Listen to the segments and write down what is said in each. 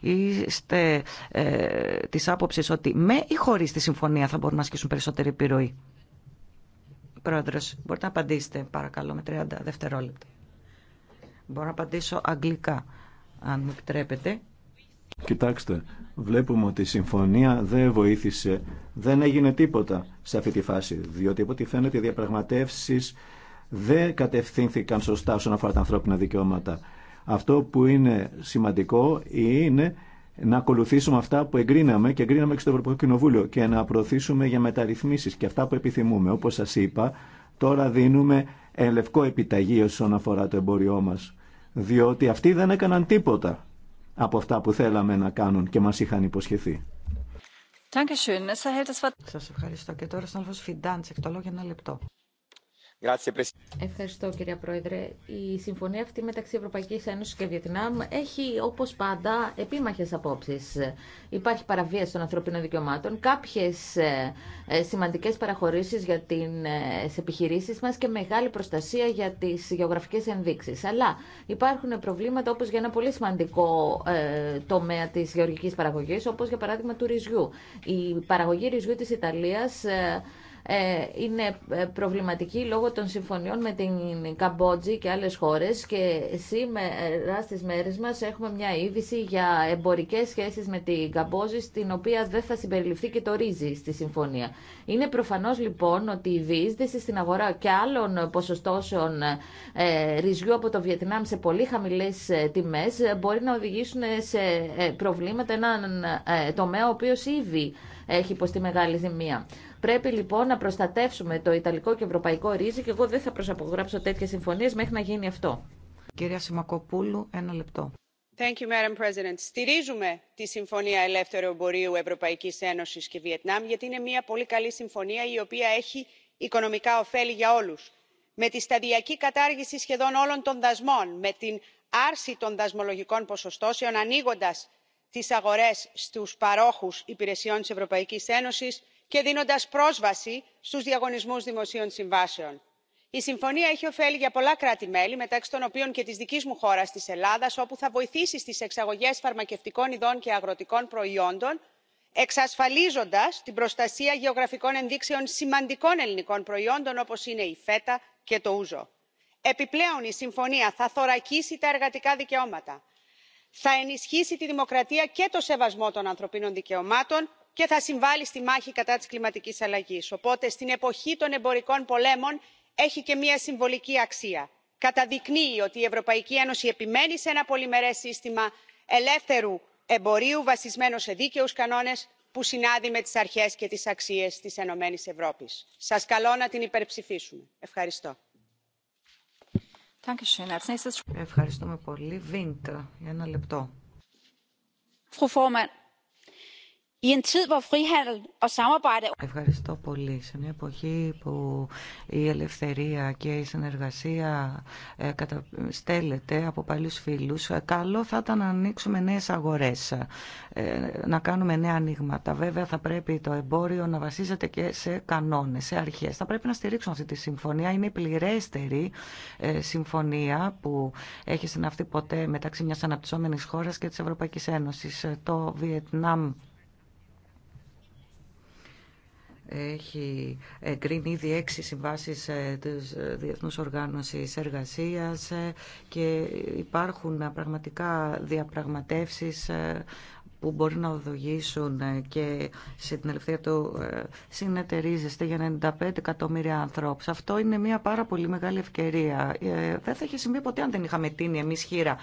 Είστε ε, της άποψης ότι με ή χωρίς τη συμφωνία θα μπορούν να ασκήσουν περισσότερη επιρροή. Πρόεδρος, μπορείτε να απαντήσετε παρακαλώ με 30 δευτερόλεπτα. Μπορώ να απαντήσω αγγλικά, αν μου επιτρέπετε. Κοιτάξτε, βλέπουμε ότι η συμφωνία δεν βοήθησε, δεν έγινε τίποτα σε αυτή τη φάση, διότι από ό,τι φαίνεται οι διαπραγματεύσεις δεν κατευθύνθηκαν σωστά όσον αφορά τα ανθρώπινα δικαιώματα. Αυτό που είναι σημαντικό είναι να ακολουθήσουμε αυτά που εγκρίναμε και εγκρίναμε και στο Ευρωπαϊκό Κοινοβούλιο και να προωθήσουμε για μεταρρυθμίσεις και αυτά που επιθυμούμε. Όπως σας είπα, τώρα δίνουμε ελευκό επιταγή όσον αφορά το εμποριό μας. Διότι αυτοί δεν έκαναν τίποτα από αυτά που θέλαμε να κάνουν και μας είχαν υποσχεθεί. Σας ευχαριστώ και τώρα στον Φιντάντσεκ, το για ένα λεπτό. Ευχαριστώ κυρία Πρόεδρε. Η συμφωνία αυτή μεταξύ Ευρωπαϊκής Ένωσης και Βιετνάμ έχει όπως πάντα επίμαχες απόψεις. Υπάρχει παραβίαση των ανθρωπίνων δικαιωμάτων, κάποιες ε, ε, σημαντικές παραχωρήσεις για τις ε, επιχειρήσεις μας και μεγάλη προστασία για τις γεωγραφικές ενδείξεις. Αλλά υπάρχουν προβλήματα όπως για ένα πολύ σημαντικό τομέα της γεωργικής παραγωγής, όπως για παράδειγμα του ρυζιού. Η παραγωγή ρυζιού τη Ιταλία. Ε, είναι ε, προβληματική λόγω των συμφωνιών με την Καμπότζη και άλλες χώρες και σήμερα στις μέρες μας έχουμε μια είδηση για εμπορικές σχέσεις με την Καμπότζη στην οποία δεν θα συμπεριληφθεί και το ρύζι στη συμφωνία. Είναι προφανώς λοιπόν ότι η διείσδυση στην αγορά και άλλων ποσοστώσεων ε, ρυζιού από το Βιετνάμ σε πολύ χαμηλές τιμές μπορεί να οδηγήσουν σε προβλήματα έναν τομέα ο οποίος ήδη έχει υποστεί μεγάλη ζημία. Πρέπει λοιπόν να προστατεύσουμε το Ιταλικό και Ευρωπαϊκό ρύζι και εγώ δεν θα προσαπογράψω τέτοιε συμφωνίε μέχρι να γίνει αυτό. Κυρία Σιμακοπούλου, ένα λεπτό. Thank you, Madam President. Στηρίζουμε τη Συμφωνία Ελεύθερου Εμπορίου Ευρωπαϊκή Ένωση και Βιετνάμ, γιατί είναι μια πολύ καλή συμφωνία η οποία έχει οικονομικά ωφέλη για όλου. Με τη σταδιακή κατάργηση σχεδόν όλων των δασμών, με την άρση των δασμολογικών ποσοστώσεων, ανοίγοντα τι αγορέ στου παρόχου υπηρεσιών τη Ευρωπαϊκή Ένωση, και δίνοντας πρόσβαση στους διαγωνισμούς δημοσίων συμβάσεων. η συμφωνία έχει ωφέλη για πολλά κράτη μέλη μεταξύ των οποίων και της δικής μου χώρας της ελλάδας όπου θα βοηθήσει στις εξαγωγές φαρμακευτικών ειδών και αγροτικών προϊόντων εξασφαλίζοντας την προστασία γεωγραφικών ενδείξεων σημαντικών ελληνικών προϊόντων όπως είναι η φέτα και το ούζο. επιπλέον η συμφωνία θα θωρακίσει τα εργατικά δικαιώματα θα ενισχύσει τη δημοκρατία και το σεβασμό των ανθρωπίνων δικαιωμάτων και θα συμβάλλει στη μάχη κατά της κλιματικής αλλαγής. οπότε στην εποχή των εμπορικών πολέμων έχει και μια συμβολική αξία καταδεικνύει ότι η ευρωπαϊκή ένωση επιμένει σε ένα πολυμερές σύστημα ελεύθερου εμπορίου βασισμένο σε δίκαιους κανόνες που συνάδει με τις αρχές και τις αξίες της ενωμένης ΕΕ. ευρώπης. σας καλώ να την υπερψηφίσουμε. ευχαριστώ. πολύ. λεπτό. Er Ευχαριστώ πολύ. Σε μια εποχή που η ελευθερία και η συνεργασία ε, στέλνεται από παλιούς φίλους, ε, καλό θα ήταν να ανοίξουμε νέες αγορές, ε, να κάνουμε νέα ανοίγματα. Βέβαια θα πρέπει το εμπόριο να βασίζεται και σε κανόνες, σε αρχές. Θα πρέπει να στηρίξουμε αυτή τη συμφωνία. Είναι η πληρέστερη συμφωνία που έχει συναυτεί ποτέ μεταξύ μιας αναπτυσσόμενης χώρας και της Ευρωπαϊκής Ένωσης. Το Βιετνάμ έχει εγκρίνει ήδη έξι συμβάσεις ε, της ε, Διεθνούς Οργάνωσης Εργασίας ε, και υπάρχουν πραγματικά διαπραγματεύσεις που μπορεί να οδηγήσουν και σε την ελευθερία του συνεταιρίζεστε για 95 εκατομμύρια ανθρώπου. Αυτό είναι μια πάρα πολύ μεγάλη ευκαιρία. Δεν θα είχε συμβεί ποτέ αν δεν είχαμε τίνει εμείς χείρα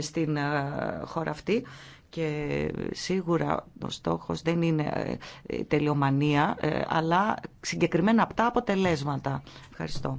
στην χώρα αυτή και σίγουρα ο στόχος δεν είναι ε, τελειομανία, ε, αλλά συγκεκριμένα αυτά αποτελέσματα. Ευχαριστώ.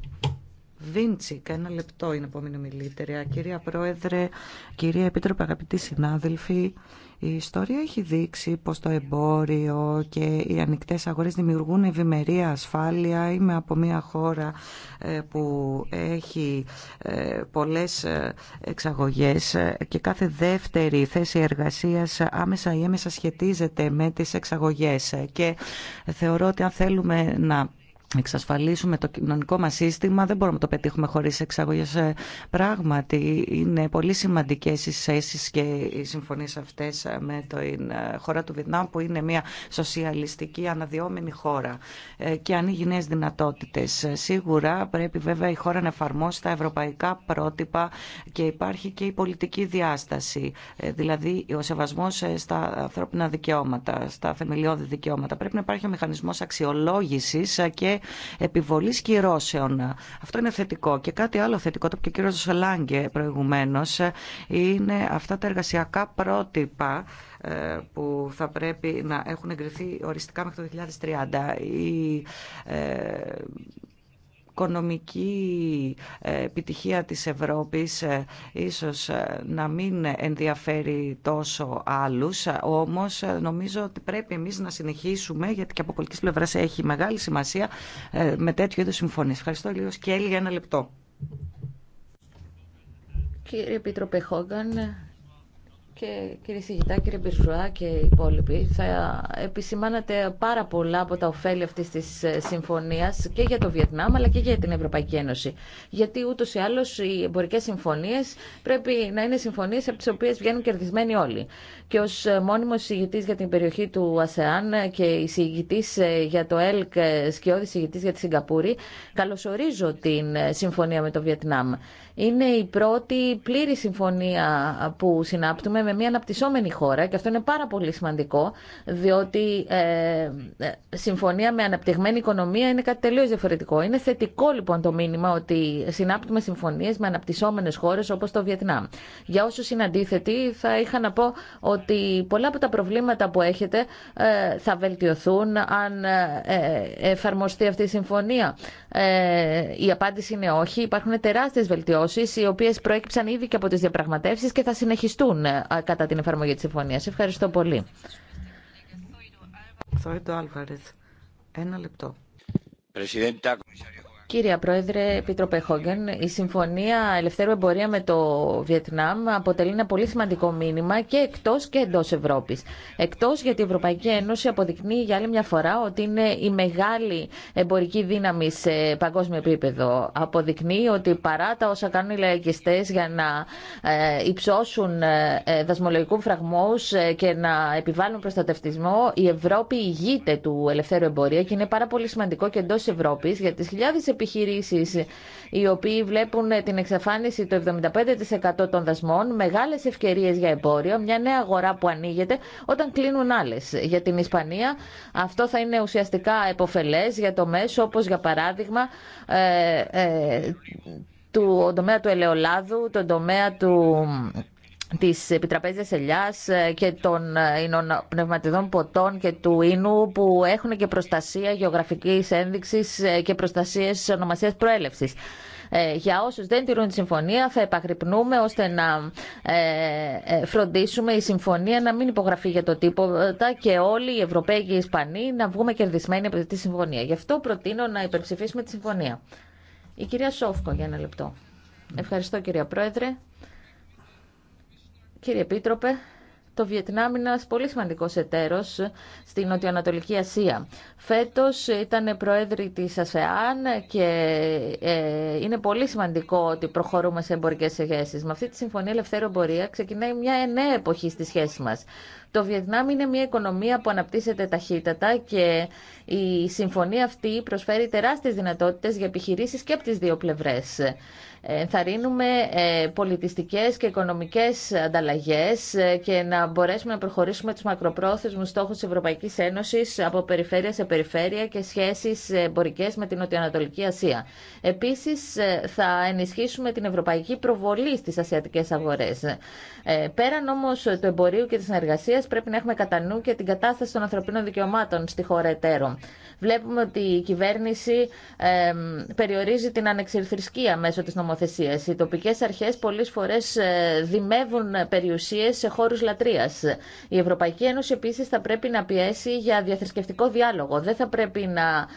Βίντσικ, ένα λεπτό είναι επόμενη μιλήτρια. Κυρία Πρόεδρε, κυρία Επίτροπε, αγαπητοί συνάδελφοι, η ιστορία έχει δείξει πως το εμπόριο και οι ανοιχτές αγορές δημιουργούν ευημερία, ασφάλεια. Είμαι από μια χώρα ε, που έχει ε, πολλές ε, εξαγωγές και κάθε δεύτερη θέση εργασίας άμεσα ή έμεσα σχετίζεται με τις εξαγωγές. Και θεωρώ ότι αν θέλουμε να εξασφαλίσουμε το κοινωνικό μας σύστημα δεν μπορούμε να το πετύχουμε χωρίς εξαγωγές. Ε, πράγματι είναι πολύ σημαντικές οι σχέσει και οι συμφωνίες αυτές ε, με το ε, χώρα του Βιετνάμ που είναι μια σοσιαλιστική αναδυόμενη χώρα και ανοίγει νέες δυνατότητες. Σίγουρα πρέπει βέβαια η χώρα να εφαρμόσει τα ευρωπαϊκά πρότυπα και υπάρχει και η πολιτική διάσταση, δηλαδή ο σεβασμός στα ανθρώπινα δικαιώματα, στα θεμελιώδη δικαιώματα. Πρέπει να υπάρχει ο μηχανισμός αξιολόγησης και επιβολής κυρώσεων. Αυτό είναι θετικό. Και κάτι άλλο θετικό, το που και ο κύριο προηγουμένω είναι αυτά τα εργασιακά πρότυπα ε, που θα πρέπει να έχουν εγκριθεί οριστικά μέχρι το 2030 οικονομική ε, επιτυχία της Ευρώπης ε, ίσως ε, να μην ενδιαφέρει τόσο άλλους, όμως νομίζω ότι πρέπει εμείς να συνεχίσουμε, γιατί και από πολιτική πλευράς έχει μεγάλη σημασία με τέτοιου είδους συμφωνίες. Ευχαριστώ λίγο Σκέλη για ένα λεπτό. Κύριε Επίτροπε Χόγκαν, και κύριε Σιγητά, κύριε Μπυρσουά και οι υπόλοιποι, θα επισημάνατε πάρα πολλά από τα ωφέλη αυτής της ε, συμφωνίας και για το Βιετνάμ αλλά και για την Ευρωπαϊκή Ένωση. Γιατί ούτως ή άλλως οι εμπορικές συμφωνίες πρέπει να είναι συμφωνίες από τις οποίες βγαίνουν κερδισμένοι όλοι. Και ως ε, μόνιμος συγητής για την περιοχή του ΑΣΕΑΝ και η συγητής ε, για το ΕΛΚ, σκιώδη συγητής για τη Σιγκαπούρη, καλωσορίζω την συμφωνία με το Βιετνάμ. Είναι η πρώτη πλήρη συμφωνία που συνάπτουμε με μια αναπτυσσόμενη χώρα και αυτό είναι πάρα πολύ σημαντικό, διότι ε, συμφωνία με αναπτυγμένη οικονομία είναι κάτι τελείως διαφορετικό. Είναι θετικό λοιπόν το μήνυμα ότι συνάπτουμε συμφωνίες με αναπτυσσόμενες χώρες όπως το Βιετνάμ. Για όσους είναι αντίθετοι θα είχα να πω ότι πολλά από τα προβλήματα που έχετε ε, θα βελτιωθούν αν ε, ε, εφαρμοστεί αυτή η συμφωνία. Ε, η απάντηση είναι όχι. Υπάρχουν τεράστιες βελτιώσεις οι οποίες προέκυψαν ήδη και από τι διαπραγματεύσεις και θα συνεχιστούν ε, κατά την εφαρμογή της συμφωνία. Ευχαριστώ πολύ. Ένα λεπτό. Κύριε Πρόεδρε, Επίτροπε Χόγκεν, η Συμφωνία Ελευθέρου Εμπορία με το Βιετνάμ αποτελεί ένα πολύ σημαντικό μήνυμα και εκτό και εντό Ευρώπη. Εκτό γιατί η Ευρωπαϊκή Ένωση αποδεικνύει για άλλη μια φορά ότι είναι η μεγάλη εμπορική δύναμη σε παγκόσμιο επίπεδο. Αποδεικνύει ότι παρά τα όσα κάνουν οι λαϊκιστέ για να ε, υψώσουν ε, ε, δασμολογικού φραγμού και να επιβάλλουν προστατευτισμό, η Ευρώπη ηγείται του ελευθέρου εμπορία και είναι πάρα πολύ σημαντικό και εντό Ευρώπη για τι χιλιάδε οι οποίοι βλέπουν την εξαφάνιση του 75% των δασμών, μεγάλες ευκαιρίες για εμπόριο, μια νέα αγορά που ανοίγεται όταν κλείνουν άλλες. Για την Ισπανία αυτό θα είναι ουσιαστικά εποφελές για το μέσο, όπως για παράδειγμα ε, ε του τομέα του ελαιολάδου, τον τομέα του της επιτραπέζια Ελιάς ε, και των ε, πνευματιδών ποτών και του Ίνου που έχουν και προστασία γεωγραφικής ένδειξης ε, και προστασίες ονομασίας προέλευσης. Για όσους δεν τηρούν τη συμφωνία θα επαγρυπνούμε, ώστε να φροντίσουμε η συμφωνία να μην υπογραφεί για το τίποτα και όλοι οι Ευρωπαίοι και οι Ισπανοί να βγούμε κερδισμένοι από τη συμφωνία. Γι' αυτό προτείνω να υπερψηφίσουμε τη συμφωνία. Η κυρία Σόφκο για ένα λεπτό. Ευχαριστώ κυρία Πρόεδρε. Κύριε Επίτροπε, το Βιετνάμ είναι ένας πολύ σημαντικό εταίρος στην Νοτιοανατολική Ασία. Φέτος ήταν προέδρη τη ΑΣΕΑΝ και ε, είναι πολύ σημαντικό ότι προχωρούμε σε εμπορικέ σχέσει. Με αυτή τη Συμφωνία Ελευθέρω Εμπορία ξεκινάει μια νέα εποχή στη σχέση μας. Το Βιετνάμ είναι μια οικονομία που αναπτύσσεται ταχύτατα και η συμφωνία αυτή προσφέρει τεράστιες δυνατότητες για επιχειρήσεις και από τις δύο πλευρές ενθαρρύνουμε ε, πολιτιστικές και οικονομικές ανταλλαγές ε, και να μπορέσουμε να προχωρήσουμε τους μακροπρόθεσμους στόχους της Ευρωπαϊκής Ένωσης από περιφέρεια σε περιφέρεια και σχέσεις εμπορικέ με την Νοτιοανατολική Ασία. Επίσης, ε, θα ενισχύσουμε την ευρωπαϊκή προβολή στις ασιατικές αγορές. Πέραν όμως του εμπορίου και της συνεργασίας, πρέπει να έχουμε κατά νου και την κατάσταση των ανθρωπίνων δικαιωμάτων στη χώρα εταίρων. Βλέπουμε ότι η κυβέρνηση περιορίζει την μέσω της οι τοπικές αρχές πολλές φορές ε, δημεύουν περιουσίες σε χώρους λατρείας. Η Ευρωπαϊκή Ένωση επίσης θα πρέπει να πιέσει για διαθρησκευτικό διάλογο. Δεν θα πρέπει να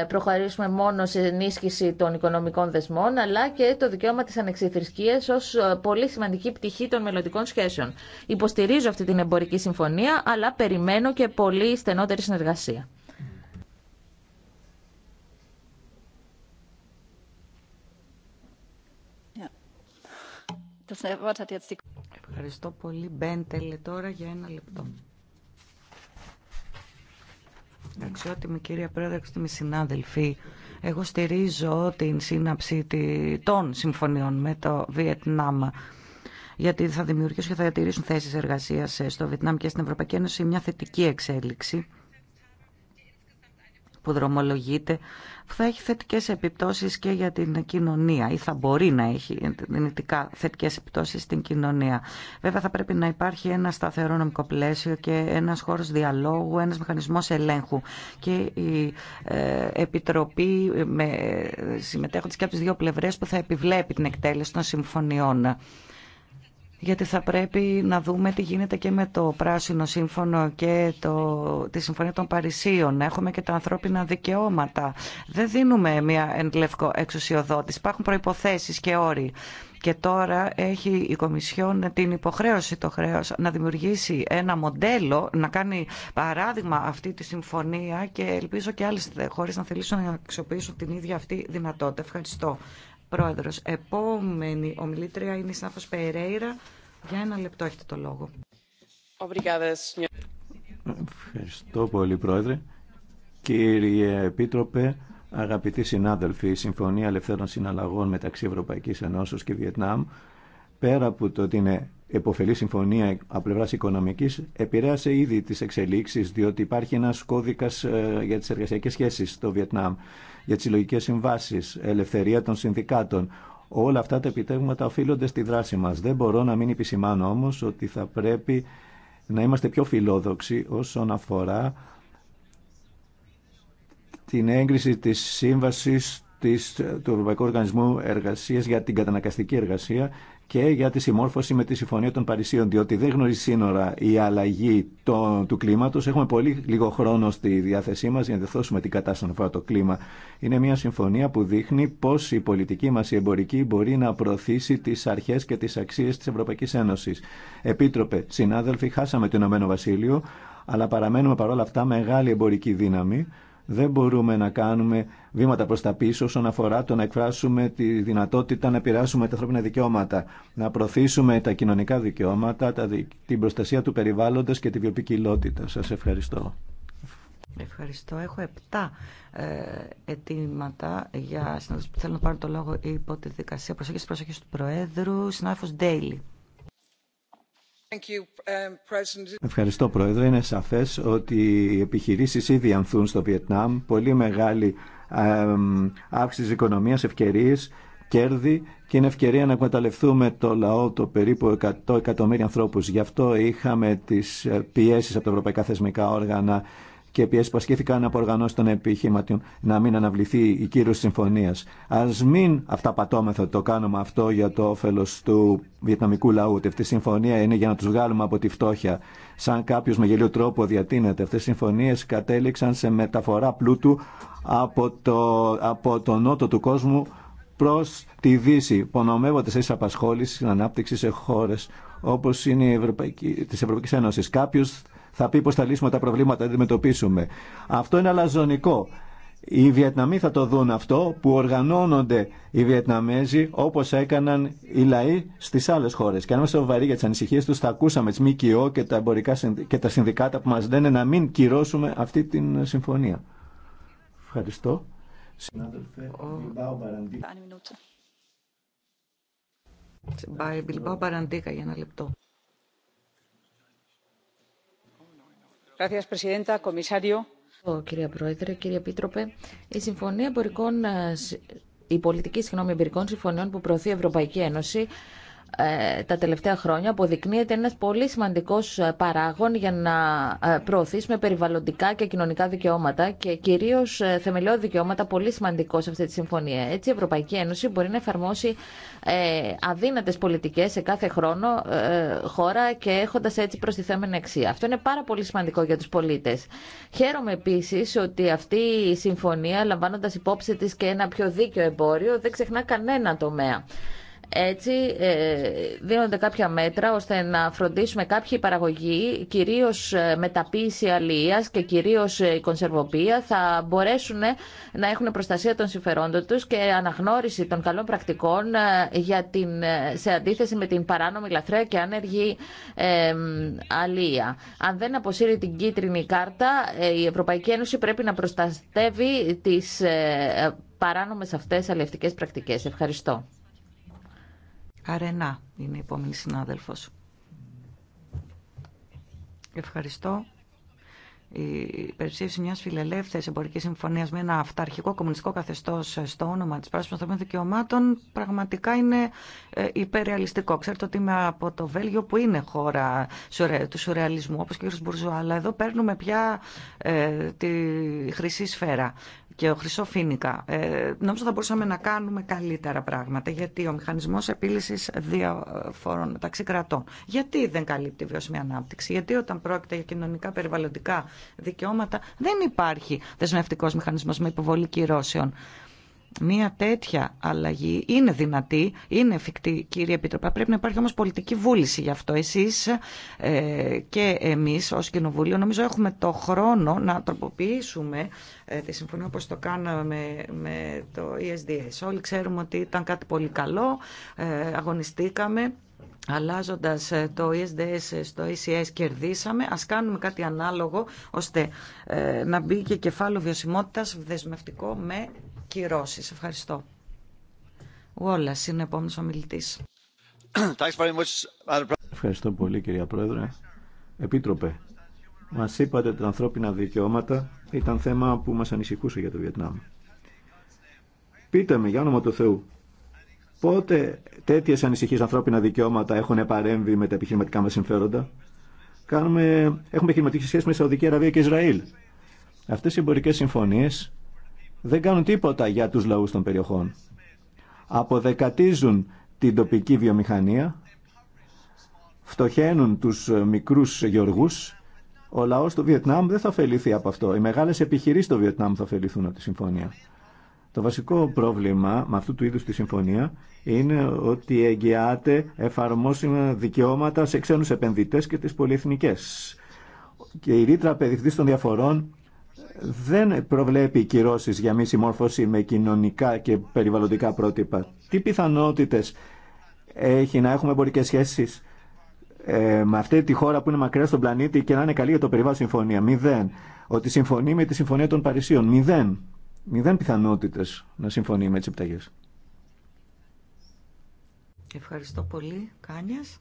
ε, προχωρήσουμε μόνο σε ενίσχυση των οικονομικών δεσμών, αλλά και το δικαίωμα τη ανεξιθρησκεία ως ε, πολύ σημαντική πτυχή των μελλοντικών σχέσεων. Υποστηρίζω αυτή την εμπορική συμφωνία, αλλά περιμένω και πολύ στενότερη συνεργασία. Ευχαριστώ πολύ. Μπέντελε τώρα για ένα λεπτό. Αξιότιμη κυρία Πρόεδρε, με συνάδελφοι, εγώ στηρίζω την σύναψη των συμφωνιών με το Βιετνάμ γιατί θα δημιουργήσουν και θα διατηρήσουν θέσεις εργασίας στο Βιετνάμ και στην Ευρωπαϊκή Ένωση μια θετική εξέλιξη που δρομολογείται που θα έχει θετικές επιπτώσεις και για την κοινωνία ή θα μπορεί να έχει δυνητικά θετικές επιπτώσεις στην κοινωνία. Βέβαια θα πρέπει να υπάρχει ένα σταθερό νομικό πλαίσιο και ένας χώρος διαλόγου, ένας μηχανισμός ελέγχου και η ε, Επιτροπή με και από τις δύο πλευρές που θα επιβλέπει την εκτέλεση των συμφωνιών γιατί θα πρέπει να δούμε τι γίνεται και με το Πράσινο Σύμφωνο και το, τη Συμφωνία των Παρισίων. Έχουμε και τα ανθρώπινα δικαιώματα. Δεν δίνουμε μια εντλευκό εξουσιοδότηση. Υπάρχουν προϋποθέσεις και όροι. Και τώρα έχει η Κομισιόν την υποχρέωση το χρέος να δημιουργήσει ένα μοντέλο, να κάνει παράδειγμα αυτή τη συμφωνία και ελπίζω και άλλες χώρες να θελήσουν να αξιοποιήσουν την ίδια αυτή δυνατότητα. Ευχαριστώ. Πρόεδρος. Επόμενη ομιλήτρια είναι η Σάφος Περέιρα. Για ένα λεπτό έχετε το λόγο. Ευχαριστώ πολύ, Πρόεδρε. Κύριε Επίτροπε, αγαπητοί συνάδελφοι, η Συμφωνία Ελευθέρων Συναλλαγών μεταξύ Ευρωπαϊκής Ενώσεως και Βιετνάμ, πέρα από το ότι είναι εποφελή συμφωνία από πλευρά οικονομική επηρέασε ήδη τι εξελίξει, διότι υπάρχει ένα κώδικα ε, για τι εργασιακέ σχέσει στο Βιετνάμ, για τι συλλογικέ συμβάσει, ελευθερία των συνδικάτων. Όλα αυτά τα επιτεύγματα οφείλονται στη δράση μα. Δεν μπορώ να μην επισημάνω όμω ότι θα πρέπει να είμαστε πιο φιλόδοξοι όσον αφορά την έγκριση της σύμβασης του Ευρωπαϊκού Οργανισμού Εργασία για την κατανακαστική εργασία και για τη συμμόρφωση με τη Συμφωνία των Παρισίων, διότι δεν γνωρίζει σύνορα η αλλαγή το, του κλίματο. Έχουμε πολύ λίγο χρόνο στη διάθεσή μα για να δεθώσουμε την κατάσταση αφορά το κλίμα. Είναι μια συμφωνία που δείχνει πώ η πολιτική μα, η εμπορική, μπορεί να προωθήσει τι αρχέ και τι αξίε τη Ευρωπαϊκή Ένωση. Επίτροπε, συνάδελφοι, χάσαμε το Ηνωμένο Βασίλειο, αλλά παραμένουμε παρόλα αυτά μεγάλη εμπορική δύναμη δεν μπορούμε να κάνουμε βήματα προς τα πίσω όσον αφορά το να εκφράσουμε τη δυνατότητα να επηρεάσουμε τα ανθρώπινα δικαιώματα, να προωθήσουμε τα κοινωνικά δικαιώματα, τα την προστασία του περιβάλλοντος και τη βιοποικιλότητα. Σας ευχαριστώ. Ευχαριστώ. Έχω 7 ε, αιτήματα για συνάδελφους που θέλουν να πάρουν το λόγο υπό τη δικασία προσοχής προσοχής του Προέδρου, συνάδελφος Ντέιλι. Um, Ευχαριστώ Πρόεδρε. Είναι σαφές ότι οι επιχειρήσεις ήδη ανθούν στο Βιετνάμ. Πολύ μεγάλη αύξηση οικονομίας, ευκαιρίες, κέρδη και είναι ευκαιρία να εκμεταλλευτούμε το λαό το περίπου 100 εκατομμύρια ανθρώπους. Γι' αυτό είχαμε τις ε, πιέσεις από τα ευρωπαϊκά θεσμικά όργανα και πιέσει που ασκήθηκαν από οργανώσει των επιχειρηματιών να μην αναβληθεί η κύρωση συμφωνία. Α μην αυταπατώμεθα το κάνουμε αυτό για το όφελο του βιετναμικού λαού. Αυτή η συμφωνία είναι για να του βγάλουμε από τη φτώχεια. Σαν κάποιο με γελίο τρόπο διατείνεται, αυτέ οι συμφωνίε κατέληξαν σε μεταφορά πλούτου από το, από νότο του κόσμου προ τη Δύση. Πονομεύονται σε απασχόληση, ανάπτυξη σε χώρε όπω είναι η Ευρωπαϊκή, της Ευρωπαϊκής Ένωσης θα πει πώ θα λύσουμε τα προβλήματα, θα αντιμετωπίσουμε. Αυτό είναι αλαζονικό. Οι Βιετναμοί θα το δουν αυτό που οργανώνονται οι Βιετναμέζοι όπω έκαναν οι λαοί στι άλλε χώρε. Και αν είμαστε σοβαροί για τι ανησυχίε του, θα ακούσαμε τι ΜΚΟ και τα, εμπορικά, και τα συνδικάτα που μα λένε να μην κυρώσουμε αυτή τη συμφωνία. Ευχαριστώ. για ένα λεπτό. Κυρία Πρόεδρε, κύριε Επίτροπε, η Συμφωνία Εμπορικών ε, η πολιτική συγγνώμη εμπειρικών συμφωνιών που προωθεί η Ευρωπαϊκή Ένωση ε, τα τελευταία χρόνια αποδεικνύεται ένας πολύ σημαντικός ε, παράγων για να ε, προωθήσουμε περιβαλλοντικά και κοινωνικά δικαιώματα και κυρίως θεμελιώδη δικαιώματα πολύ σημαντικό σε αυτή τη συμφωνία. Έτσι η Ευρωπαϊκή Ένωση μπορεί να εφαρμόσει αδύνατες πολιτικές σε κάθε χρόνο χώρα και έχοντας έτσι προστιθέμενη αξία. Αυτό είναι πάρα πολύ σημαντικό για τους πολίτες. Χαίρομαι επίσης ότι αυτή η συμφωνία λαμβάνοντας υπόψη της και ένα πιο δίκαιο εμπόριο δεν ξεχνά κανένα τομέα. Έτσι ε, δίνονται κάποια μέτρα ώστε να φροντίσουμε κάποια παραγωγή, κυρίως ε, μεταποίηση αλίας και κυρίως ε, η κονσερβοπία, θα μπορέσουν να έχουν προστασία των συμφερόντων τους και αναγνώριση των καλών πρακτικών για την, σε αντίθεση με την παράνομη λαθρέα και άνεργη ε, Αν δεν αποσύρει την κίτρινη κάρτα, η Ευρωπαϊκή Ένωση πρέπει να προστατεύει τις παράνομες αυτές αλληλευτικές πρακτικές. Ευχαριστώ. Αρενά είναι η επόμενη συνάδελφος. Ευχαριστώ η υπερψήφιση μια φιλελεύθερη εμπορική συμφωνία με ένα αυταρχικό κομμουνιστικό καθεστώ στο όνομα τη πράσινη ανθρωπίνων δικαιωμάτων πραγματικά είναι ε, υπερρεαλιστικό. Ξέρετε ότι είμαι από το Βέλγιο που είναι χώρα του σουρεαλισμού, όπω και ο κ. αλλά εδώ παίρνουμε πια ε, τη χρυσή σφαίρα και ο Χρυσό Φίνικα. Ε, νομίζω θα μπορούσαμε να κάνουμε καλύτερα πράγματα, γιατί ο μηχανισμό επίλυση διαφορών μεταξύ κρατών. Γιατί δεν καλύπτει βιώσιμη ανάπτυξη, γιατί όταν πρόκειται για κοινωνικά περιβαλλοντικά δικαιώματα, δεν υπάρχει δεσμευτικό μηχανισμός με υποβολή κυρώσεων. Μία τέτοια αλλαγή είναι δυνατή, είναι εφικτή κύριε Επιτροπέ. Πρέπει να υπάρχει όμως πολιτική βούληση γι' αυτό. Εσείς ε, και εμείς ως Κοινοβούλιο νομίζω έχουμε το χρόνο να τροποποιήσουμε ε, τη συμφωνία όπω το κάναμε με το ESDS. Όλοι ξέρουμε ότι ήταν κάτι πολύ καλό, ε, αγωνιστήκαμε Αλλάζοντας ε, το ESDS στο ECS κερδίσαμε, ας κάνουμε κάτι ανάλογο ώστε ε, να μπει και κεφάλαιο βιωσιμότητας δεσμευτικό με κυρώσεις. Ευχαριστώ. Ολα είναι επόμενος ομιλητής. Ευχαριστώ πολύ κυρία Πρόεδρε. Επίτροπε, μας είπατε τα ανθρώπινα δικαιώματα ήταν θέμα που μας ανησυχούσε για το Βιετνάμ. Πείτε με, για όνομα του Θεού, Πότε τέτοιες ανησυχίες ανθρώπινα δικαιώματα έχουν παρέμβει με τα επιχειρηματικά μα συμφέροντα. Κάνουμε, έχουμε επιχειρηματική σχέση με Σαουδική Αραβία και Ισραήλ. Αυτές οι εμπορικές συμφωνίες δεν κάνουν τίποτα για τους λαούς των περιοχών. Αποδεκατίζουν την τοπική βιομηχανία, φτωχαίνουν τους μικρού γεωργούς. Ο λαό του Βιετνάμ δεν θα ωφεληθεί από αυτό. Οι μεγάλες επιχειρήσει του Βιετνάμ θα ωφεληθούν από τη συμφωνία. Το βασικό πρόβλημα με αυτού του είδους τη συμφωνία είναι ότι εγγυάται εφαρμόσιμα δικαιώματα σε ξένους επενδυτές και τις πολυεθνικές. Και η ρήτρα περιφθής των διαφορών δεν προβλέπει κυρώσει για μη συμμόρφωση με κοινωνικά και περιβαλλοντικά πρότυπα. Τι πιθανότητες έχει να έχουμε εμπορικέ σχέσεις ε, με αυτή τη χώρα που είναι μακριά στον πλανήτη και να είναι καλή για το περιβάλλον συμφωνία. Μηδέν. Ότι συμφωνεί με τη Συμφωνία των Παρισίων. Μηδέν μηδέν πιθανότητες να συμφωνεί με τις επιταγές. Ευχαριστώ πολύ, Κάνιας.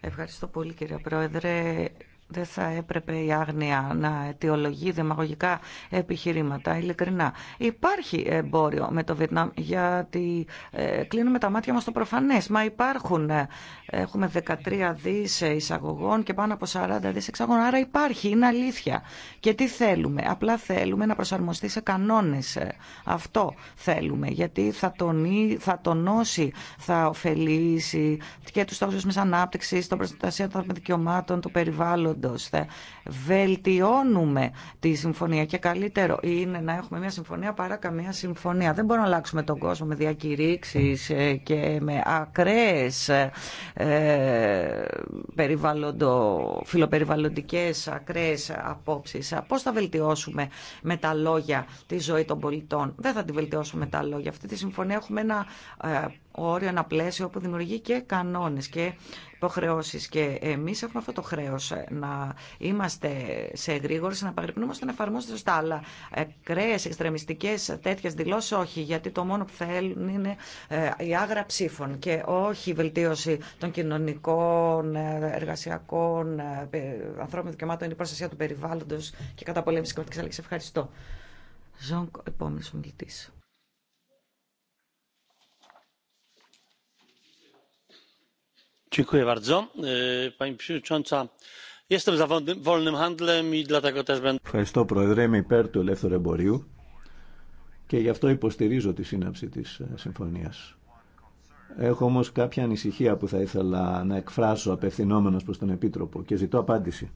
Ευχαριστώ πολύ, κύριε Πρόεδρε δεν θα έπρεπε η άγνοια να αιτιολογεί δημαγωγικά επιχειρήματα, ειλικρινά. Υπάρχει εμπόριο με το Βιετνάμ, γιατί ε, κλείνουμε τα μάτια μας στο προφανές. Μα υπάρχουν, ε, έχουμε 13 δις εισαγωγών και πάνω από 40 δις εξαγωγών, άρα υπάρχει, είναι αλήθεια. Και τι θέλουμε, απλά θέλουμε να προσαρμοστεί σε κανόνες. Ε, αυτό θέλουμε, γιατί θα, τονεί, θα τονώσει, θα ωφελήσει και τους στόχους μας ανάπτυξης, την προστασία των δικαιωμάτων, το περιβάλλον, μέλλοντος βελτιώνουμε τη συμφωνία και καλύτερο είναι να έχουμε μια συμφωνία παρά καμία συμφωνία. Δεν μπορούμε να αλλάξουμε τον κόσμο με διακηρύξεις ε, και με ακραίες ε, φιλοπεριβαλλοντικές ακραίες απόψεις. Πώς θα βελτιώσουμε με τα λόγια τη ζωή των πολιτών. Δεν θα τη βελτιώσουμε με τα λόγια. Αυτή τη συμφωνία έχουμε ένα ε, όριο, ένα πλαίσιο που δημιουργεί και κανόνε και υποχρεώσει. και εμεί έχουμε αυτό το χρέο ε, να είμαστε σε γρήγορες, να απαγρυπνούμε να εφαρμόσουμε σωστά. Αλλά ε, κρέε, εξτρεμιστικέ τέτοιε δηλώσει, όχι, γιατί το μόνο που θέλουν είναι ε, η άγρα ψήφων και όχι η βελτίωση των κοινωνικών, εργασιακών, ανθρώπινων δικαιωμάτων, η προστασία του περιβάλλοντο και καταπολέμηση της Ευχαριστώ. Ζωνκ, επόμενο ομιλητή. Ευχαριστώ, Πρόεδρε. Είμαι υπέρ του ελεύθερου εμπορίου και γι' αυτό υποστηρίζω τη σύναψη της ε, συμφωνίας. Έχω όμως κάποια ανησυχία που θα ήθελα να εκφράσω απευθυνόμενος προς τον Επίτροπο και ζητώ απάντηση.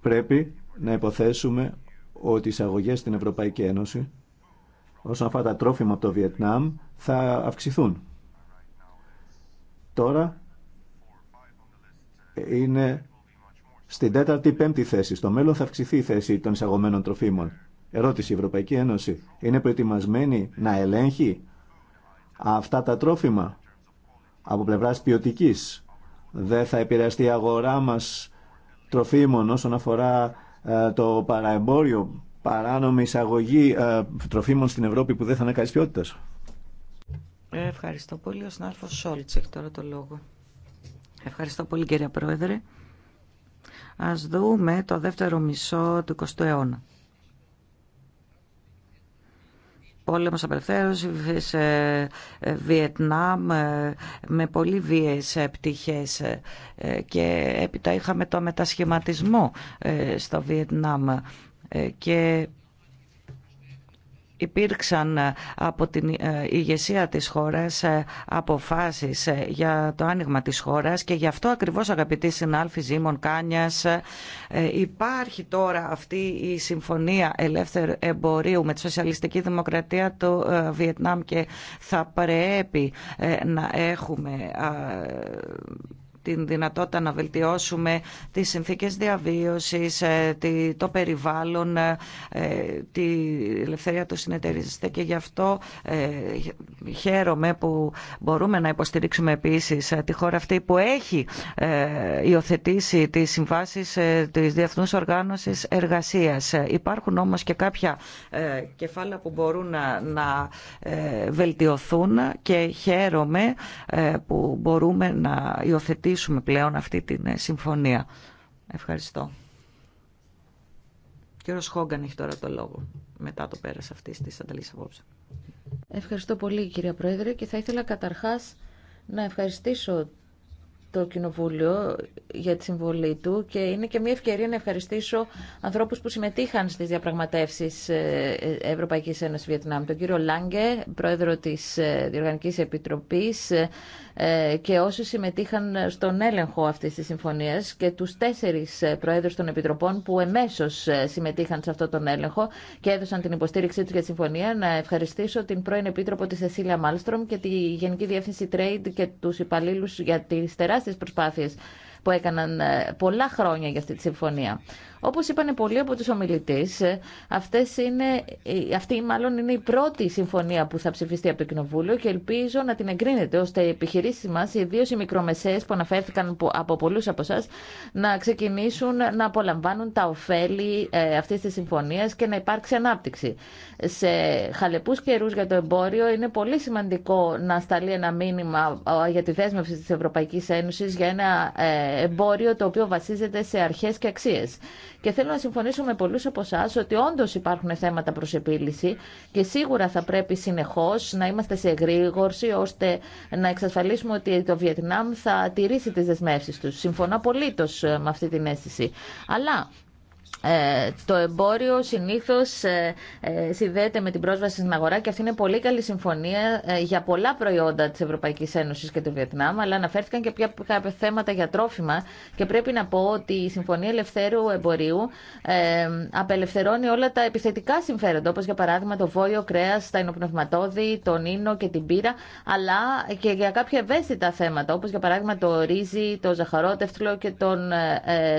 Πρέπει να υποθέσουμε ότι οι εισαγωγές στην Ευρωπαϊκή Ένωση όσον αφορά τα τρόφιμα από το Βιετνάμ θα αυξηθούν. Τώρα είναι στην τέταρτη ή πέμπτη θέση. Στο μέλλον θα αυξηθεί η θέση των εισαγωμένων τροφίμων. Ερώτηση, η Ευρωπαϊκή Ένωση είναι προετοιμασμένη να ελέγχει αυτά τα τρόφιμα από πλευράς ποιοτική. Δεν θα επηρεαστεί η αγορά μας τροφίμων όσον αφορά ε, το παραεμπόριο, παράνομη εισαγωγή ε, τροφίμων στην Ευρώπη που δεν θα είναι καλής ποιότητας. Ευχαριστώ πολύ. Ο συνάδελφος Σόλτς έχει τώρα το λόγο. Ευχαριστώ πολύ κύριε Πρόεδρε. Ας δούμε το δεύτερο μισό του 20ου αιώνα. Πόλεμος απελευθέρωσης, ε, ε, Βιετνάμ, ε, με πολύ βίες πτυχές και έπειτα είχαμε το μετασχηματισμό στο Βιετνάμ και υπήρξαν ε, από την ε, ηγεσία της χώρας ε, αποφάσεις για το άνοιγμα της χώρας και γι' αυτό ακριβώς αγαπητοί συνάλφοι Ζήμων Κάνιας υπάρχει τώρα αυτή η συμφωνία ελεύθερου εμπορίου με τη Σοσιαλιστική Δημοκρατία του Βιετνάμ και θα πρέπει να έχουμε την δυνατότητα να βελτιώσουμε τις συνθήκες διαβίωσης, ε, το περιβάλλον, ε, ε, τη ελευθερία του συνεταιριστή και γι' αυτό χαίρομαι που μπορούμε να υποστηρίξουμε επίσης τη χώρα αυτή που έχει υιοθετήσει τις συμβάσεις της Διεθνούς Οργάνωσης Εργασίας. Υπάρχουν όμως και κάποια κεφάλαια που μπορούν να βελτιωθούν και χαίρομαι που μπορούμε να υιοθετήσουμε υλοποιήσουμε πλέον αυτή την ε, συμφωνία. Ευχαριστώ. Ο κύριος Χόγκαν έχει τώρα το λόγο μετά το πέρας αυτής της ανταλής απόψε. Ευχαριστώ πολύ κυρία Πρόεδρε και θα ήθελα καταρχάς να ευχαριστήσω το Κοινοβούλιο για τη συμβολή του και είναι και μια ευκαιρία να ευχαριστήσω ανθρώπους που συμμετείχαν στις διαπραγματεύσεις ε, ε, Ευρωπαϊκής Ένωσης Βιετνάμ. Τον κύριο Λάγκε, πρόεδρο της ε, Διοργανικής Επιτροπής και όσοι συμμετείχαν στον έλεγχο αυτής της συμφωνίας και τους τέσσερις πρόεδρους των Επιτροπών που εμέσως συμμετείχαν σε αυτόν τον έλεγχο και έδωσαν την υποστήριξή τους για τη συμφωνία. Να ευχαριστήσω την πρώην Επίτροπο τη Εσίλια Μάλστρομ και τη Γενική Διεύθυνση Trade και τους υπαλλήλους για τη στερά τεράστιες προσπάθειες που έκαναν ε, πολλά χρόνια για αυτή τη συμφωνία. Όπως είπαν πολλοί από τους ομιλητές, ε, αυτές είναι, αυτή μάλλον είναι η πρώτη συμφωνία που θα ψηφιστεί από το Κοινοβούλιο και ελπίζω να την εγκρίνετε, ώστε οι επιχειρήσεις μας, ιδίω οι μικρομεσαίες που αναφέρθηκαν από πολλούς από εσά, να ξεκινήσουν να απολαμβάνουν τα ωφέλη ε, αυτής της συμφωνίας και να υπάρξει ανάπτυξη. Σε χαλεπούς καιρούς για το εμπόριο είναι πολύ σημαντικό να σταλεί ένα μήνυμα ε, για τη δέσμευση της Ευρωπαϊκής Ένωσης για ένα εμπόριο το οποίο βασίζεται σε αρχές και αξίες. Και θέλω να συμφωνήσω με πολλού από εσά ότι όντω υπάρχουν θέματα προ επίλυση και σίγουρα θα πρέπει συνεχώ να είμαστε σε εγρήγορση ώστε να εξασφαλίσουμε ότι το Βιετνάμ θα τηρήσει τι δεσμεύσει του. Συμφωνώ πολύ ε, με αυτή την αίσθηση. Αλλά ε, το εμπόριο συνήθω ε, ε, συνδέεται με την πρόσβαση στην αγορά και αυτή είναι πολύ καλή συμφωνία ε, για πολλά προϊόντα τη Ευρωπαϊκή Ένωση και του Βιετνάμ αλλά αναφέρθηκαν και κάποια θέματα για τρόφιμα και πρέπει να πω ότι η Συμφωνία Ελευθέρου Εμπορίου ε, απελευθερώνει όλα τα επιθετικά συμφέροντα όπω για παράδειγμα το βόλιο κρέα, τα ενοπνευματόδη, τον ίνο και την πύρα αλλά και για κάποια ευαίσθητα θέματα όπω για παράδειγμα το ρύζι, το ζαχαρότευτλο και τον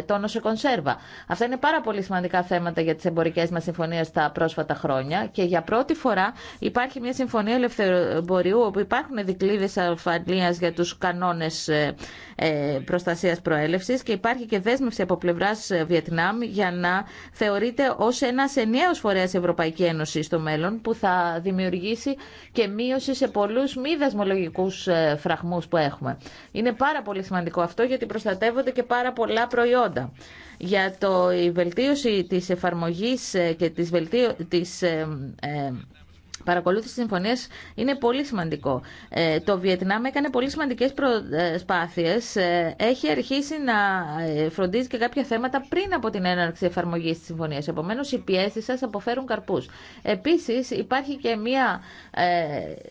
τόνο σε κονσέρβα. Αυτά είναι πάρα πολύ σημαντικά θέματα για τι εμπορικέ μα συμφωνίε τα πρόσφατα χρόνια και για πρώτη φορά υπάρχει μια συμφωνία ελευθερωμποριού όπου υπάρχουν δικλείδε αλφαλίας για του κανόνε ε, προστασία προέλευση και υπάρχει και δέσμευση από πλευρά ε, Βιετνάμ για να θεωρείται ως ένας ενιαίος φορέας Ευρωπαϊκή Ένωση στο μέλλον που θα δημιουργήσει και μείωση σε πολλού μη δασμολογικούς ε, φραγμού που έχουμε. Είναι πάρα πολύ σημαντικό αυτό γιατί προστατεύονται και πάρα πολλά προϊόντα για το, η βελτίωση της εφαρμογής ε, και της, βελτίω, της ε, ε, παρακολούθηση συμφωνία είναι πολύ σημαντικό. Ε, το Βιετνάμ έκανε πολύ σημαντικές προσπάθειες. Ε, ε, έχει αρχίσει να φροντίζει και κάποια θέματα πριν από την έναρξη εφαρμογή τη συμφωνία. Επομένω, οι πιέσει σα αποφέρουν καρπού. Επίση, υπάρχει και μια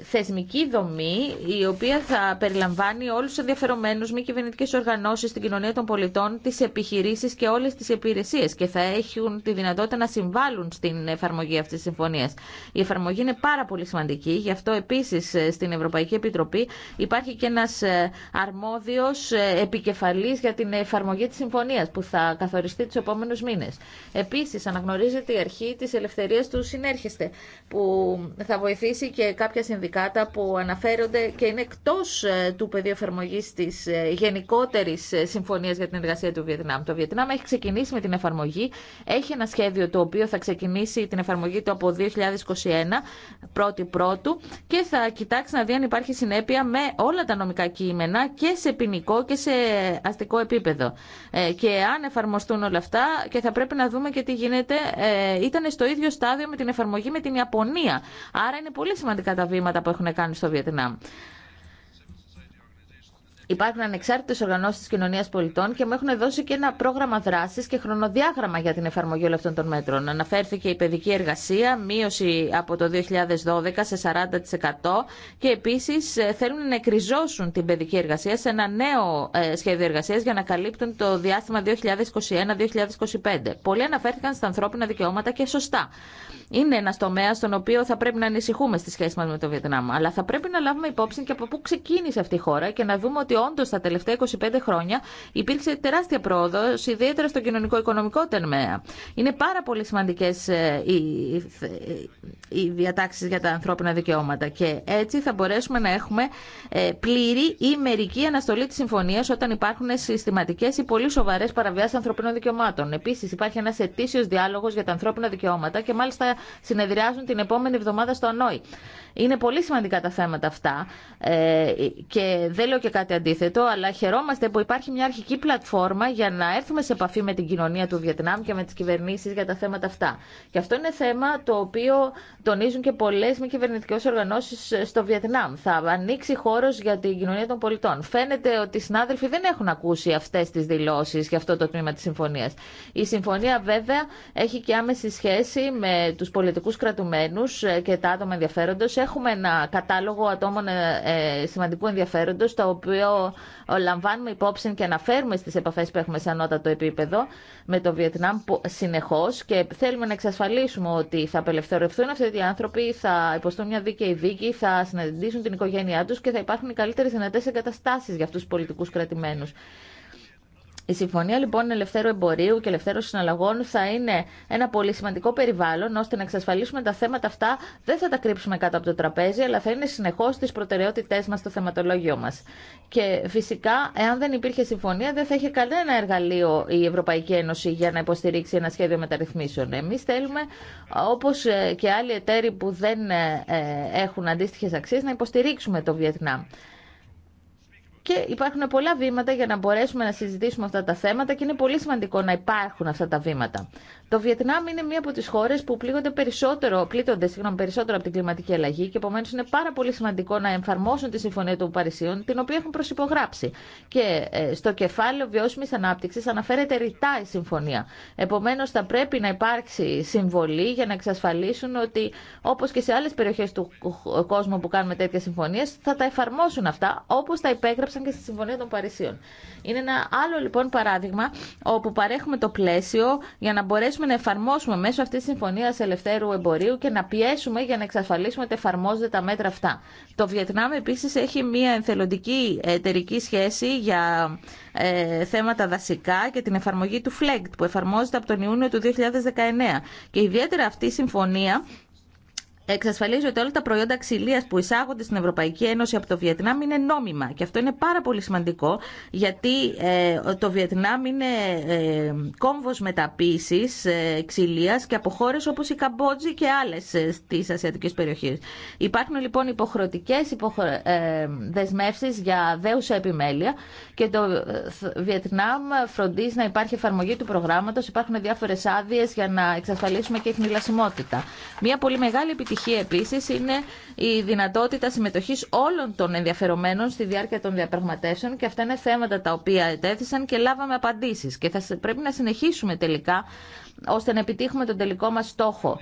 θεσμική δομή η οποία θα περιλαμβάνει όλου του ενδιαφερομένου μη κυβερνητικέ οργανώσει, την κοινωνία των πολιτών, τι επιχειρήσει και όλε τι υπηρεσίε και θα έχουν τη δυνατότητα να συμβάλλουν στην εφαρμογή αυτή τη συμφωνία. Η εφαρμογή είναι πάρα πολύ σημαντική. Γι' αυτό επίση ε, στην Ευρωπαϊκή Επιτροπή υπάρχει και ένα ε, αρμόδιο ε, επικεφαλή για την εφαρμογή τη συμφωνία που θα καθοριστεί του επόμενου μήνε. Επίση, αναγνωρίζεται η αρχή τη ελευθερία του συνέρχεστε που θα βοηθήσει και κάποια συνδικάτα που αναφέρονται και είναι εκτό του πεδίου εφαρμογή τη γενικότερη συμφωνία για την εργασία του Βιετνάμ. Το Βιετνάμ έχει ξεκινήσει με την εφαρμογή, έχει ένα σχέδιο το οποίο θα ξεκινήσει την εφαρμογή του από 2021 πρώτη πρώτου και θα κοιτάξει να δει αν υπάρχει συνέπεια με όλα τα νομικά κείμενα και σε ποινικό και σε αστικό επίπεδο. Ε, και αν εφαρμοστούν όλα αυτά και θα πρέπει να δούμε και τι γίνεται. Ε, ήταν στο ίδιο στάδιο με την εφαρμογή με την Ιαπωνία. Άρα είναι πολύ σημαντικά τα βήματα που έχουν κάνει στο Βιετνάμ. Υπάρχουν ανεξάρτητε οργανώσει τη κοινωνία πολιτών και μου έχουν δώσει και ένα πρόγραμμα δράση και χρονοδιάγραμμα για την εφαρμογή όλων αυτών των μέτρων. Αναφέρθηκε η παιδική εργασία, μείωση από το 2012 σε 40% και επίση ε, θέλουν να εκριζώσουν την παιδική εργασία σε ένα νέο ε, σχέδιο εργασία για να καλύπτουν το διάστημα 2021-2025. Πολλοί αναφέρθηκαν στα ανθρώπινα δικαιώματα και σωστά είναι ένα τομέα στον οποίο θα πρέπει να ανησυχούμε στη σχέση μα με το Βιετνάμ. Αλλά θα πρέπει να λάβουμε υπόψη και από πού ξεκίνησε αυτή η χώρα και να δούμε ότι όντω τα τελευταία 25 χρόνια υπήρξε τεράστια πρόοδο, ιδιαίτερα στο κοινωνικό-οικονομικό τομέα. Είναι πάρα πολύ σημαντικέ ε, οι διατάξει για τα ανθρώπινα δικαιώματα και έτσι θα μπορέσουμε να έχουμε ε, πλήρη ή μερική αναστολή τη συμφωνία όταν υπάρχουν συστηματικέ ή πολύ σοβαρέ παραβιάσει ανθρωπίνων δικαιωμάτων. Επίση, υπάρχει ένα ετήσιο διάλογο για τα ανθρώπινα δικαιώματα και μάλιστα συνεδριάζουν την επόμενη εβδομάδα στο Ανόη. Είναι πολύ σημαντικά τα θέματα αυτά ε, και δεν λέω και κάτι αντίθετο, αλλά χαιρόμαστε που υπάρχει μια αρχική πλατφόρμα για να έρθουμε σε επαφή με την κοινωνία του Βιετνάμ και με τι κυβερνήσει για τα θέματα αυτά. Και αυτό είναι θέμα το οποίο τονίζουν και πολλέ μη κυβερνητικέ οργανώσει στο Βιετνάμ. Θα ανοίξει χώρο για την κοινωνία των πολιτών. Φαίνεται ότι οι συνάδελφοι δεν έχουν ακούσει αυτέ τι δηλώσει για αυτό το τμήμα τη συμφωνία. Η συμφωνία βέβαια έχει και άμεση σχέση με του πολιτικού κρατουμένου ε, και τα άτομα ενδιαφέροντα έχουμε ένα κατάλογο ατόμων ε, ε, σημαντικού ενδιαφέροντος, το οποίο λαμβάνουμε υπόψη και αναφέρουμε στις επαφές που έχουμε σε ανώτατο επίπεδο με το Βιετνάμ συνεχώς και θέλουμε να εξασφαλίσουμε ότι θα απελευθερωθούν αυτοί οι άνθρωποι, θα υποστούν μια δίκαιη δίκη, θα συναντήσουν την οικογένειά τους και θα υπάρχουν οι καλύτερες δυνατές εγκαταστάσει για αυτού του πολιτικού κρατημένου. Η Συμφωνία λοιπόν Ελευθέρου Εμπορίου και Ελευθέρου Συναλλαγών θα είναι ένα πολύ σημαντικό περιβάλλον ώστε να εξασφαλίσουμε τα θέματα αυτά. Δεν θα τα κρύψουμε κάτω από το τραπέζι, αλλά θα είναι συνεχώ στι προτεραιότητέ μα στο θεματολόγιο μα. Και φυσικά, εάν δεν υπήρχε συμφωνία, δεν θα είχε κανένα εργαλείο η Ευρωπαϊκή Ένωση για να υποστηρίξει ένα σχέδιο μεταρρυθμίσεων. Εμεί θέλουμε, όπω ε, και άλλοι εταίροι που δεν ε, ε, έχουν αντίστοιχε αξίε, να υποστηρίξουμε το Βιετνάμ. Και υπάρχουν πολλά βήματα για να μπορέσουμε να συζητήσουμε αυτά τα θέματα και είναι πολύ σημαντικό να υπάρχουν αυτά τα βήματα. Το Βιετνάμ είναι μία από τι χώρε που πλήγονται περισσότερο, πλήττονται συγγνώμη, περισσότερο από την κλιματική αλλαγή και επομένω είναι πάρα πολύ σημαντικό να εφαρμόσουν τη Συμφωνία των Παρισίων, την οποία έχουν προσυπογράψει. Και ε, στο κεφάλαιο βιώσιμη ανάπτυξη αναφέρεται ρητά η Συμφωνία. Επομένω θα πρέπει να υπάρξει συμβολή για να εξασφαλίσουν ότι όπω και σε άλλε περιοχέ του κόσμου που κάνουμε τέτοιε συμφωνίε θα τα εφαρμόσουν αυτά όπω τα υπέγραψαν και στη Συμφωνία των Παρισίων. Είναι ένα άλλο λοιπόν παράδειγμα όπου παρέχουμε το πλαίσιο για να μπορέσουμε να εφαρμόσουμε μέσω αυτή τη συμφωνία ελευθέρου εμπορίου και να πιέσουμε για να εξασφαλίσουμε ότι εφαρμόζονται τα μέτρα αυτά. Το Βιετνάμ επίση έχει μια εθελοντική εταιρική σχέση για ε, θέματα δασικά και την εφαρμογή του FLEGT που εφαρμόζεται από τον Ιούνιο του 2019. Και ιδιαίτερα αυτή η συμφωνία εξασφαλίζει ότι όλα τα προϊόντα ξυλία που εισάγονται στην Ευρωπαϊκή Ένωση από το Βιετνάμ είναι νόμιμα. Και αυτό είναι πάρα πολύ σημαντικό, γιατί ε, το Βιετνάμ είναι ε, κόμβος μεταποίησης ε, ξυλίας και από χώρε όπω η Καμπότζη και άλλες στις ασιατικέ περιοχές. Υπάρχουν λοιπόν υποχρεωτικές υποχρε... για δέουσα επιμέλεια και το Βιετνάμ φροντίζει να υπάρχει εφαρμογή του προγράμματο. υπάρχουν διάφορε άδειε για να εξασφαλίσουμε και χνηλασιμότητα. Μια πολύ μεγάλη επιτυχία επιτυχία επίση είναι η δυνατότητα συμμετοχής όλων των ενδιαφερομένων στη διάρκεια των διαπραγματεύσεων και αυτά είναι θέματα τα οποία ετέθησαν και λάβαμε απαντήσεις και θα πρέπει να συνεχίσουμε τελικά ώστε να επιτύχουμε τον τελικό μας στόχο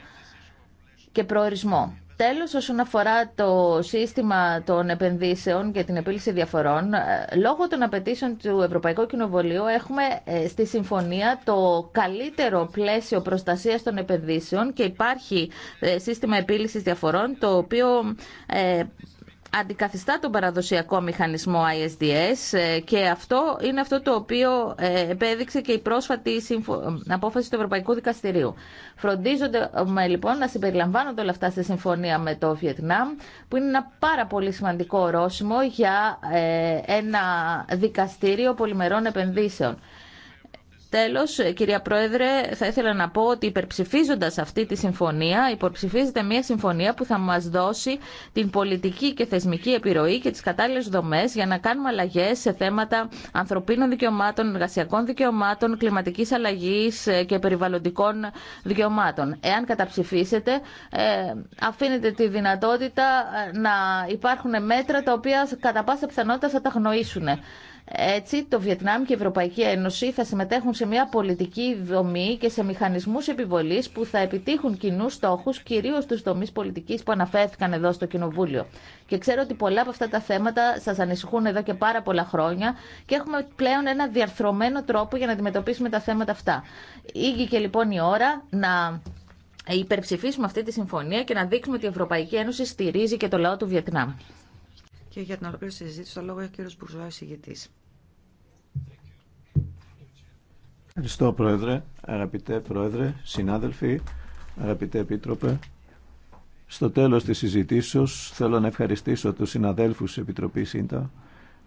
και προορισμό. Τέλος, όσον αφορά το σύστημα των επενδύσεων και την επίλυση διαφορών, ε, λόγω των απαιτήσεων του Ευρωπαϊκού Κοινοβουλίου έχουμε ε, στη συμφωνία το καλύτερο πλαίσιο προστασίας των επενδύσεων και υπάρχει ε, σύστημα επίλυσης διαφορών το οποίο αντικαθιστά τον παραδοσιακό μηχανισμό ISDS ε, και αυτό είναι αυτό το οποίο ε, επέδειξε και η πρόσφατη απόφαση του Ευρωπαϊκού Δικαστηρίου. Φροντίζονται λοιπόν να συμπεριλαμβάνονται όλα αυτά στη συμφωνία με το Βιετνάμ που είναι ένα πάρα πολύ σημαντικό ορόσημο για ε, ένα δικαστήριο πολυμερών επενδύσεων. Τέλος, κυρία Πρόεδρε, θα ήθελα να πω ότι υπερψηφίζοντα αυτή τη συμφωνία, υποψηφίζεται μια συμφωνία που θα μας δώσει την πολιτική και θεσμική επιρροή και τις κατάλληλες δομές για να κάνουμε αλλαγέ σε θέματα ανθρωπίνων δικαιωμάτων, εργασιακών δικαιωμάτων, κλιματικής αλλαγή και περιβαλλοντικών δικαιωμάτων. Εάν καταψηφίσετε, ε, αφήνετε τη δυνατότητα ε, να υπάρχουν μέτρα τα οποία κατά πάσα πιθανότητα θα τα γνωρίσουν. Έτσι, το Βιετνάμ και η Ευρωπαϊκή Ένωση θα συμμετέχουν σε μια πολιτική δομή και σε μηχανισμού επιβολή που θα επιτύχουν κοινού στόχου κυρίω στους τομείς πολιτική που αναφέρθηκαν εδώ στο Κοινοβούλιο. Και ξέρω ότι πολλά από αυτά τα θέματα σα ανησυχούν εδώ και πάρα πολλά χρόνια και έχουμε πλέον ένα διαρθρωμένο τρόπο για να αντιμετωπίσουμε τα θέματα αυτά. Ήγηκε λοιπόν η ώρα να υπερψηφίσουμε αυτή τη συμφωνία και να δείξουμε ότι η Ευρωπαϊκή Ένωση στηρίζει και το λαό του Βιετνάμ. Και για την ολοκλήρωση συζήτηση, το λόγο έχει ο κ. Μπουρζουά, Ευχαριστώ Πρόεδρε, αγαπητέ Πρόεδρε, συνάδελφοι, αγαπητέ Επίτροπε. Στο τέλος της συζητήσεως θέλω να ευχαριστήσω τους συναδέλφους της Επιτροπής ΣΥΝΤΑ,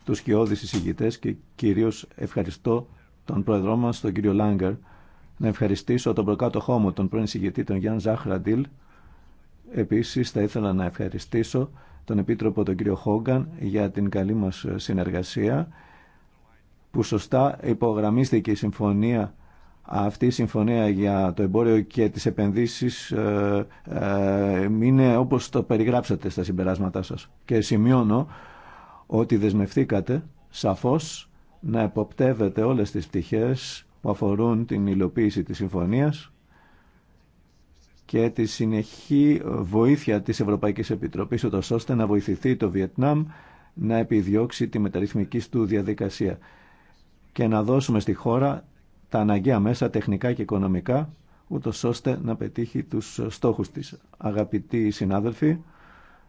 τους σκιώδεις εισηγητές και κυρίως ευχαριστώ τον Πρόεδρό μας, τον κύριο Λάγκερ, να ευχαριστήσω τον προκάτοχό μου, τον πρώην εισηγητή, τον Γιάνν Ζάχραντιλ. Επίσης θα ήθελα να ευχαριστήσω τον Επίτροπο, τον κύριο Χόγκαν, για την καλή μας συνεργασία που σωστά υπογραμμίστηκε η συμφωνία αυτή η συμφωνία για το εμπόριο και τις επενδύσεις ε, ε, είναι όπως το περιγράψατε στα συμπεράσματά σας. Και σημειώνω ότι δεσμευθήκατε σαφώς να εποπτεύετε όλες τις πτυχές που αφορούν την υλοποίηση της συμφωνίας και τη συνεχή βοήθεια της Ευρωπαϊκής Επιτροπής ώστε να βοηθηθεί το Βιετνάμ να επιδιώξει τη μεταρρυθμική του διαδικασία και να δώσουμε στη χώρα τα αναγκαία μέσα τεχνικά και οικονομικά, ούτω ώστε να πετύχει τους στόχους της. Αγαπητοί συνάδελφοι,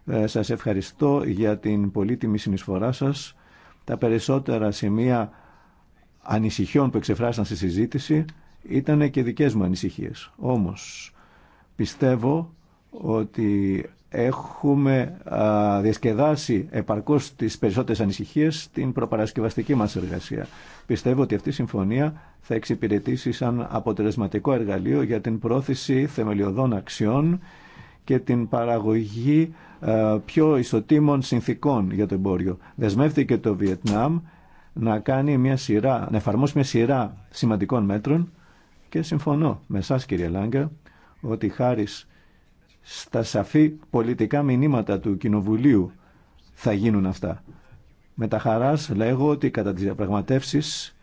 ε, σας ευχαριστώ για την πολύτιμη συνεισφορά σας. Τα περισσότερα σημεία ανησυχιών που εξεφράσαν στη συζήτηση ήταν και δικές μου ανησυχίες. Όμως, πιστεύω ότι Έχουμε διασκεδάσει επαρκώς τις περισσότερες ανησυχίες στην προπαρασκευαστική μας εργασία. Πιστεύω ότι αυτή η συμφωνία θα εξυπηρετήσει σαν αποτελεσματικό εργαλείο για την πρόθεση θεμελιωδών αξιών και την παραγωγή πιο ισοτήμων συνθήκων για το εμπόριο. Δεσμεύτηκε το Βιετνάμ να, κάνει μια σειρά, να εφαρμόσει μια σειρά σημαντικών μέτρων και συμφωνώ με εσά κύριε Λάγκα ότι χάρη στα σαφή πολιτικά μηνύματα του Κοινοβουλίου θα γίνουν αυτά. Με τα χαράς λέγω ότι κατά τις διαπραγματεύσεις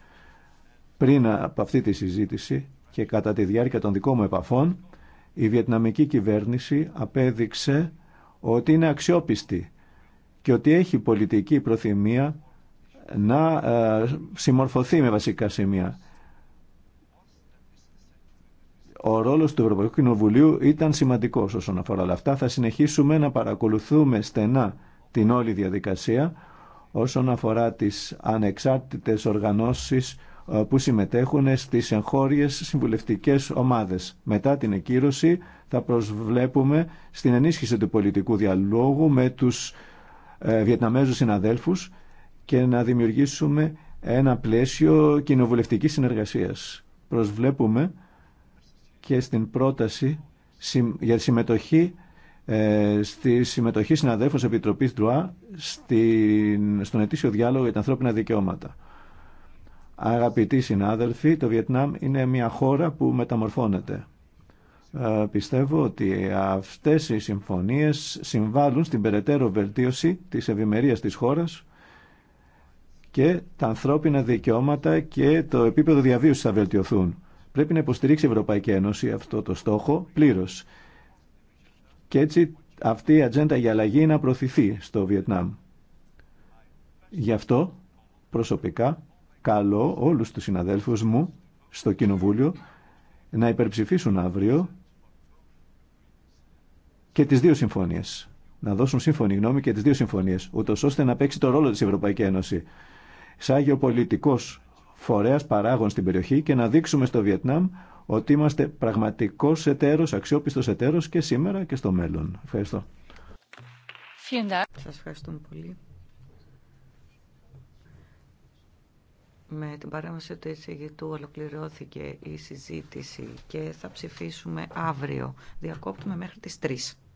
πριν από αυτή τη συζήτηση και κατά τη διάρκεια των δικών μου επαφών η βιετναμική κυβέρνηση απέδειξε ότι είναι αξιόπιστη και ότι έχει πολιτική προθυμία να ε, συμμορφωθεί με βασικά σημεία ο ρόλος του Ευρωπαϊκού Κοινοβουλίου ήταν σημαντικός όσον αφορά όλα αυτά. Θα συνεχίσουμε να παρακολουθούμε στενά την όλη διαδικασία όσον αφορά τις ανεξάρτητες οργανώσεις ε, που συμμετέχουν στις εγχώριες συμβουλευτικές ομάδες. Μετά την εκκύρωση θα προσβλέπουμε στην ενίσχυση του πολιτικού διαλόγου με τους ε, Βιετναμέζους συναδέλφους και να δημιουργήσουμε ένα πλαίσιο κοινοβουλευτικής συνεργασίας. Προσβλέπουμε και στην πρόταση για συμμετοχή ε, στη συμμετοχή συναδέλφων Επιτροπής ΔΡΟΑ στον ετήσιο διάλογο για τα ανθρώπινα δικαιώματα. Αγαπητοί συνάδελφοι, το Βιετνάμ είναι μια χώρα που μεταμορφώνεται. Ε, πιστεύω ότι αυτές οι συμφωνίες συμβάλλουν στην περαιτέρω βελτίωση της ευημερία της χώρας και τα ανθρώπινα δικαιώματα και το επίπεδο διαβίωσης θα βελτιωθούν. Πρέπει να υποστηρίξει η Ευρωπαϊκή Ένωση αυτό το στόχο πλήρω. Και έτσι αυτή η ατζέντα για αλλαγή να προωθηθεί στο Βιετνάμ. Γι' αυτό προσωπικά καλώ όλους τους συναδέλφους μου στο Κοινοβούλιο να υπερψηφίσουν αύριο και τις δύο συμφωνίες. Να δώσουν σύμφωνη γνώμη και τις δύο συμφωνίες, ούτω ώστε να παίξει το ρόλο της Ευρωπαϊκή Ένωση. Σάγιο πολιτικός Φορέα παράγων στην περιοχή και να δείξουμε στο Βιετνάμ ότι είμαστε πραγματικό εταίρο, αξιόπιστο εταίρο και σήμερα και στο μέλλον. Ευχαριστώ. Σα ευχαριστούμε πολύ. Με την παρέμβαση του εισηγητού ολοκληρώθηκε η συζήτηση και θα ψηφίσουμε αύριο. Διακόπτουμε μέχρι τις 3.